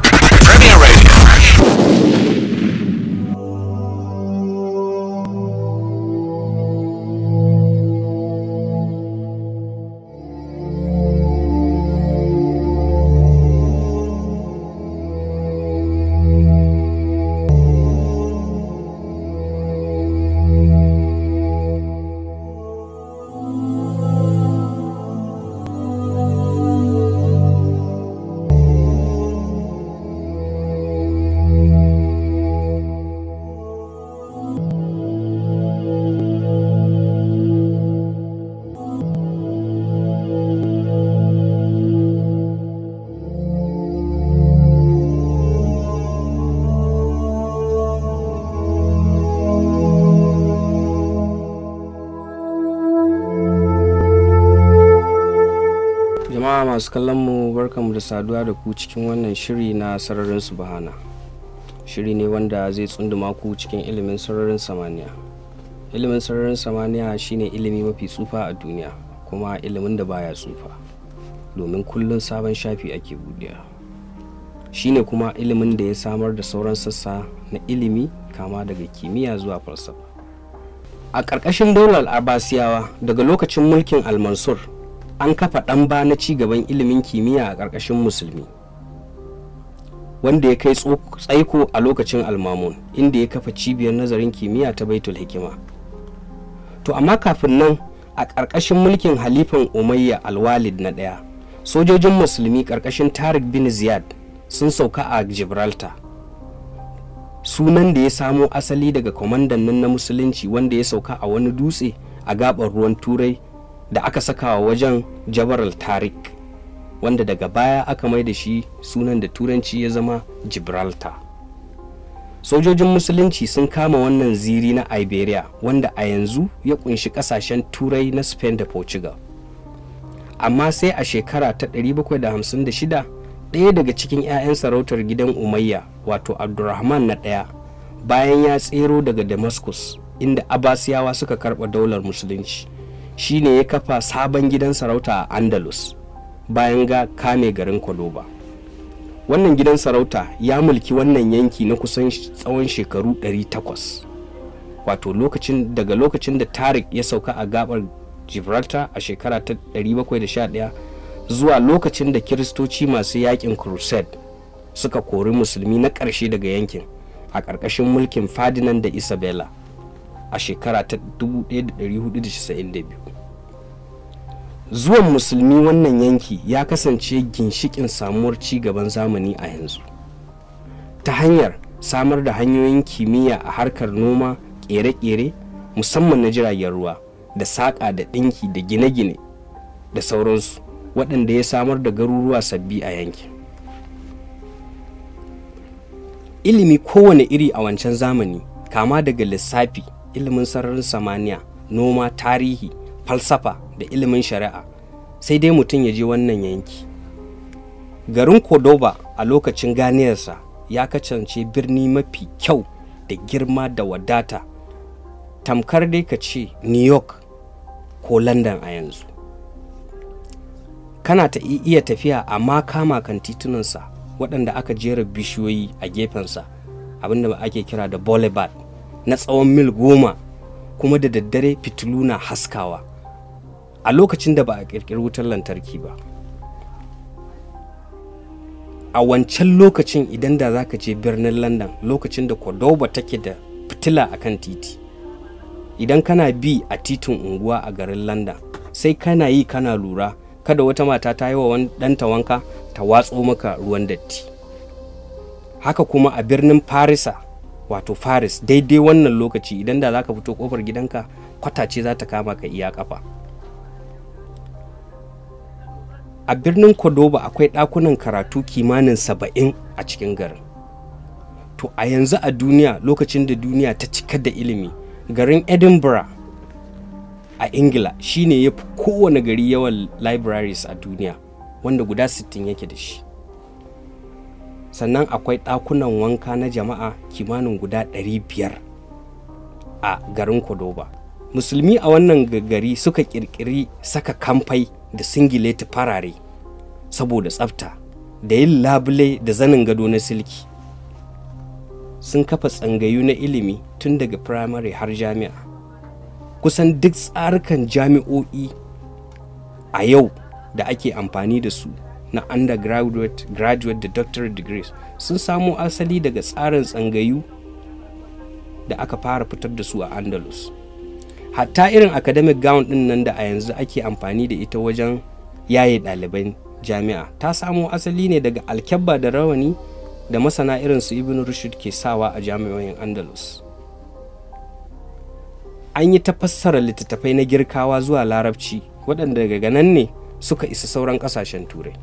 Premier Radio. masu kallon mu barkamu da saduwa da ku cikin wannan shiri na sararin su bahana shiri ne wanda zai tsunduma ku cikin ilimin sararin samaniya ilimin sararin samaniya shine ilimi mafi tsufa a duniya kuma ilimin da baya tsufa domin kullum sabon shafi ake buɗewa shine kuma ilimin da ya samar da sauran sassa na ilimi kama daga kimiyya zuwa falsafa a ƙarƙashin daular abasiyawa daga lokacin mulkin almansur an kafa ɗan ba na cigaban ilimin kimiyya a ƙarƙashin musulmi wanda ya kai tsaiko a lokacin almamun inda ya kafa cibiyar nazarin kimiyya ta baitul hikima to amma kafin nan a ƙarƙashin mulkin halifan umayya alwalid na ɗaya sojojin musulmi ƙarƙashin tarik bin ziyad sun sauka a gibraltar sunan da ya samo asali daga kwamandan nan na musulunci wanda ya sauka a wani dutse a gaɓar ruwan turai da aka saka wajen jabaral tarik wanda daga baya aka mai da shi sunan da turanci ya zama gibraltar sojojin musulunci sun kama wannan ziri na iberia wanda a yanzu ya kunshi kasashen turai na spain da portugal amma sai a shekara ta 756 ɗaya daga cikin 'ya'yan sarautar gidan umayya wato abdurrahman na ɗaya bayan ya tsero daga damascus inda abasiyawa suka karɓa daular musulunci shine ya kafa sabon gidan sarauta a andalus bayan ga kame garin kwaloba wannan gidan sarauta ya mulki wannan yanki na kusan tsawon shekaru 800 wato lokacin daga lokacin da tarik ya sauka a gabar gibraltar a shekara ta 711 zuwa lokacin da kiristoci masu yakin crusade suka kori musulmi na ƙarshe daga yankin a ƙarƙashin mulkin fadinan da isabella a shekara ta 1492 zuwan musulmi wannan yanki ya kasance ginshikin samuwar ci gaban zamani a yanzu ta hanyar samar da hanyoyin kimiyya a harkar noma kere-kere musamman na jiragen ruwa da saƙa da ɗinki da gine-gine da sauransu waɗanda ya samar da garuruwa sabbi a yankin ilimi kowane iri a wancan zamani kama daga lissafi ilimin sararin samaniya noma tarihi falsafa da ilimin shari'a sai dai mutum ya je wannan yanki garin cordoba a lokacin ganiyarsa ya kacance birni mafi kyau da girma da wadata tamkar dai ka ce new york ko london a yanzu kana ta iya tafiya amma kama kan titunansa waɗanda aka jera bishiyoyi a gefensa abinda ake kira da boulevard na tsawon mil goma kuma da daddare fitilu na haskawa a lokacin da ba a ƙirƙiri wutar lantarki ba a wancan lokacin idan da za ka je birnin london lokacin da cordoba take da fitila a kan titi idan kana bi a titin unguwa a garin london sai kana yi kana lura kada wata mata ta yi wa ɗanta wanka ta watso maka ruwan datti haka kuma a birnin farisa wato faris daidai wannan lokaci idan da za ka fito kofar gidanka kwatace za ta kama ka iya kafa a birnin kwadoba akwai ɗakunan karatu kimanin saba'in a cikin garin to a yanzu a duniya lokacin da duniya ta cika da ilimi garin edinburgh a ingila shine ya fi kowane gari yawan libraries a duniya wanda guda 60 yake da shi sannan akwai ɗakunan wanka na jama'a kimanin guda 500 a garin kodoba musulmi a wannan gari suka ƙirƙiri saka kamfai da singileti farare saboda tsafta da yin labule da zanin gado na silki sun kafa tsangayu na ilimi tun daga firamare har jami'a kusan duk tsarukan jami'o'i a yau da ake amfani da su na undergraduate graduate da doctorate degrees sun samo asali daga tsarin tsangayu da aka fara fitar da su a andalus hatta irin academic gown din nan da a yanzu ake amfani da ita wajen yaye ɗaliban jami'a ta samo asali ne daga alkyabba da rawani da masana irin su ibn rushd ke sawa a jami'o'in andalus an yi ta fassara littattafai na girkawa zuwa larabci waɗanda daga nan ne suka isa sauran ƙasashen turai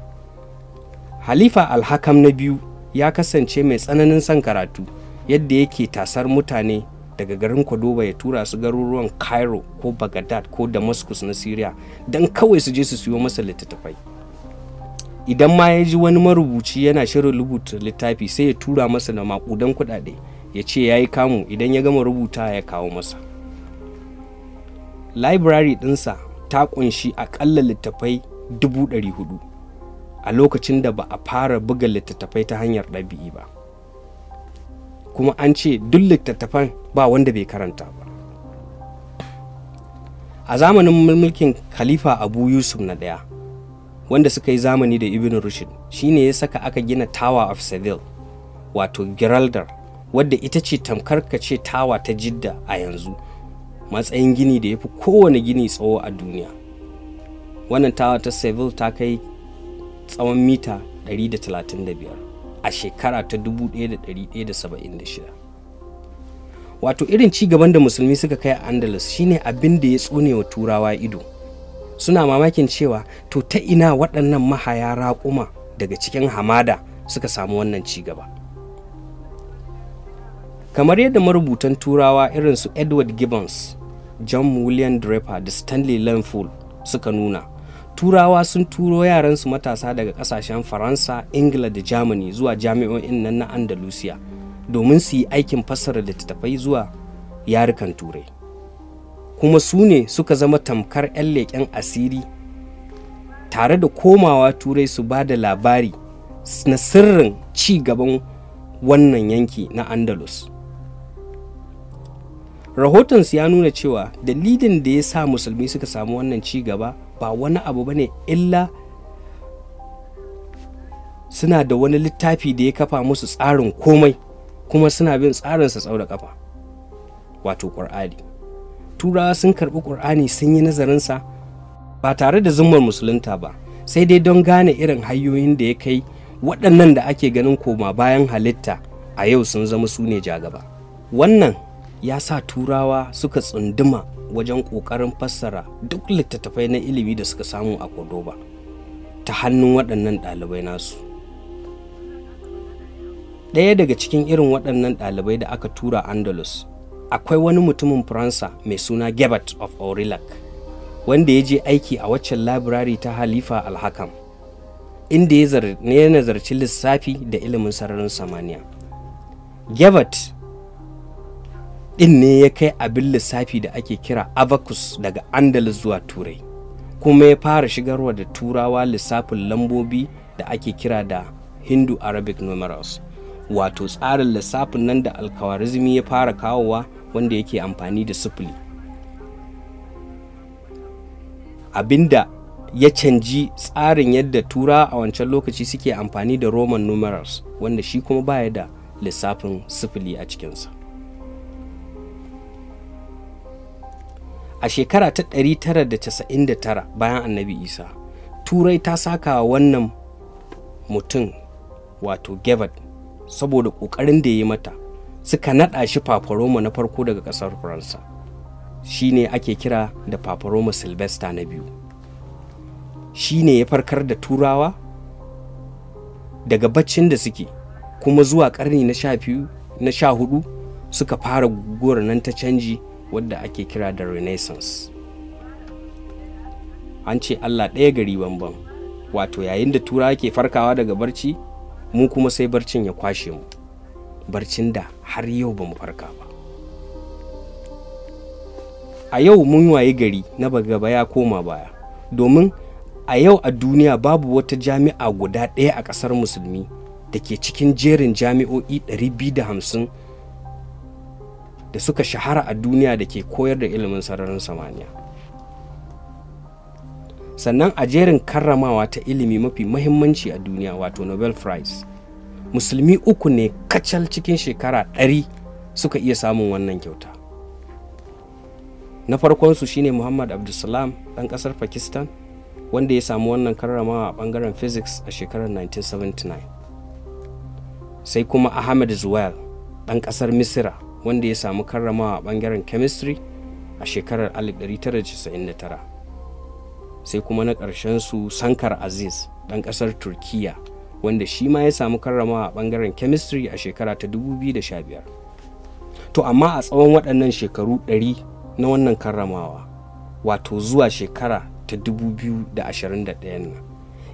halifa alhakam na biyu ya kasance mai tsananin son karatu yadda yake tasar mutane daga garin kwadoba ya tura su garuruwan cairo ko baghdad ko damascus na syria don kawai su je su siyo masa littattafai idan ma ya ji wani marubuci yana shirin rubuta littafi sai ya tura masa da makudan kudade ya ce ya yi kamu idan ya gama rubuta ya kawo masa library ɗinsa ta kunshi akalla littattafai 400 a lokacin da ba a fara buga littattafai ta hanyar ɗabi'i ba kuma an ce duk littattafan ba wanda bai karanta ba a zamanin mulkin khalifa abu yusuf na ɗaya wanda suka yi zamani da ibn rushd shine ya saka aka gina tower of seville wato giraldar wadda ita ce tamkarkace tawa ta jidda a yanzu matsayin gini da ya fi kowane gini tsawo a duniya wannan tawa ta seville ta kai tsawon mita 135 a shekara ta 1176 wato irin ci gaban da musulmi suka kai a andalus shine abin da ya tsone wa turawa ido suna mamakin cewa to ta ina waɗannan mahaya raƙuma daga cikin hamada suka samu wannan ci gaba kamar yadda marubutan turawa irinsu edward gibbons john william draper da stanley lanfool suka nuna turawa sun turo yaransu matasa daga kasashen faransa ingila da germany zuwa jami'o'in nan na andalusiya domin su yi aikin fassara littattafai zuwa yarukan turai kuma su ne suka zama tamkar 'yan leƙen asiri tare da komawa turai su ba da labari na sirrin ci gaban wannan yanki na andalus rahotonsu ya nuna cewa dalilin da ya sa musulmi suka samu wannan ci gaba ba wani abu bane illa suna da wani littafi da ya kafa musu tsarin komai kuma suna bin tsarinsa tsau da kafa wato ƙur'ani turawa sun karɓi ƙur'ani sun yi nazarinsa ba tare da zumar musulunta ba sai dai don gane irin hanyoyin da ya kai waɗannan da ake ganin koma bayan halitta a yau sun zama su ne jagaba wannan ya sa turawa suka tsunduma wajen ƙoƙarin fassara duk littattafai na ilimi da suka samu a Cordoba ta hannun waɗannan ɗalibai nasu. Ɗaya daga cikin irin waɗannan ɗalibai da aka tura Andalus akwai wani mutumin Faransa mai suna Gebert of Aurillac wanda ya je aiki a waccan labirari ta Halifa Alhakam inda ya nazarci lissafi da ilimin sararin samaniya. Gebert ɗin ne ya kai abin lissafi da ake kira abacus daga andalus zuwa turai kuma ya fara shigarwa da turawa lissafin lambobi da ake kira da hindu arabic numerals wato tsarin lissafin nan da alkawarizmi ya fara kawowa wanda yake amfani da sufuli abinda ya canji tsarin yadda tura a wancan lokaci suke amfani da roman numerals wanda shi kuma baya da lissafin sifili a cikinsa a shekara ta 999 bayan annabi isa turai ta saka wannan mutum wato gebert saboda ƙoƙarin da ya yi mata suka naɗa shi paparoma na farko daga ƙasar faransa shi ne ake kira da paparoma sylvester na biyu shi ne ya farkar da turawa daga baccin da suke kuma zuwa ƙarni na sha na sha hudu suka fara guguwar nan ta canji wadda ake kira da renaissance an ce allah ɗaya gari bamban wato yayin da tura ke farkawa daga barci mu kuma sai barcin ya kwashe mu barcin da har yau ba mu farka ba a yau mun waye gari na gaba ya koma baya domin a yau a duniya babu wata jami'a guda ɗaya a ƙasar musulmi da ke cikin jerin jami'o'i 250 da suka shahara a duniya da ke koyar da ilimin sararin samaniya sannan a jerin karramawa ta ilimi mafi mahimmanci a duniya wato nobel prize musulmi uku ne kacal cikin shekara ɗari suka iya samun wannan kyauta na farkonsu shine muhammad abdulsalam ɗan ƙasar pakistan wanda ya samu wannan karramawa a ɓangaren physics a shekarar 1979 sai kuma ahmed zuwal ɗan ƙasar misira wanda ya samu karramawa a bangaren chemistry a shekarar 1999 sai kuma na ƙarshen su sankar aziz ɗan ƙasar turkiya wanda shi ma ya samu karramawa a bangaren chemistry a shekara ta 2015 to amma a tsawon waɗannan shekaru 100 na wannan karramawa wato zuwa shekara ta 2021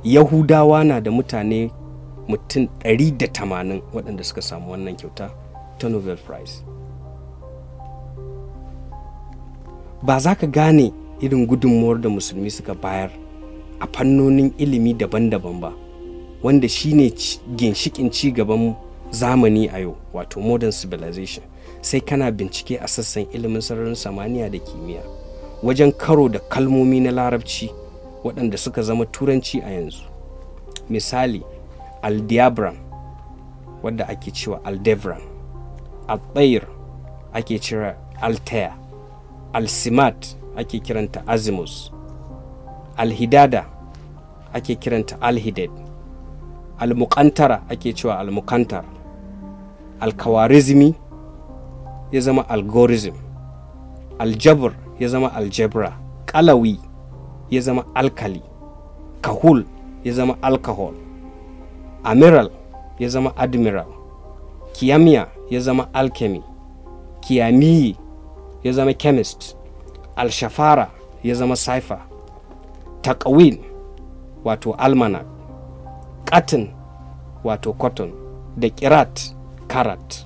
yahudawa na da mutane mutum 180 waɗanda suka samu wannan kyauta ta nobel prize ba za ka gane irin gudunmuwar da musulmi suka bayar a fannonin ilimi daban-daban ba wanda shi ne ginshikin ci gaban zamani a yau wato modern civilization sai kana bincike a sassan ilimin sararin samaniya da kimiyya wajen karo da kalmomi na larabci waɗanda suka zama turanci a yanzu misali aldiabram wadda ake cewa aldevran al ake cewa altair alsimat ake kiranta azimus alhidada ake kiranta alhidad almukantara ake cewa almukantar alkawarizmi ya zama algorizm, aljabr ya zama aljabra kalawi ya zama alkali kahul ya zama alcohol amiral ya zama admiral kiyamiya ya zama alchemy kiyamiyi ya zama chemist alshafara ya zama cipher takawil wato almanac katin wato cotton da kirat karat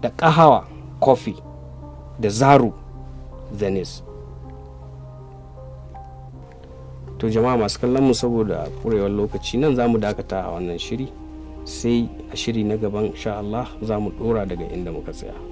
da kahawa coffee da zaru venice to jama'a masu kallon mu saboda kurewar lokaci nan za mu dakata a wannan shiri sai a shiri na gaban sha Allah za mu dora daga inda muka tsaya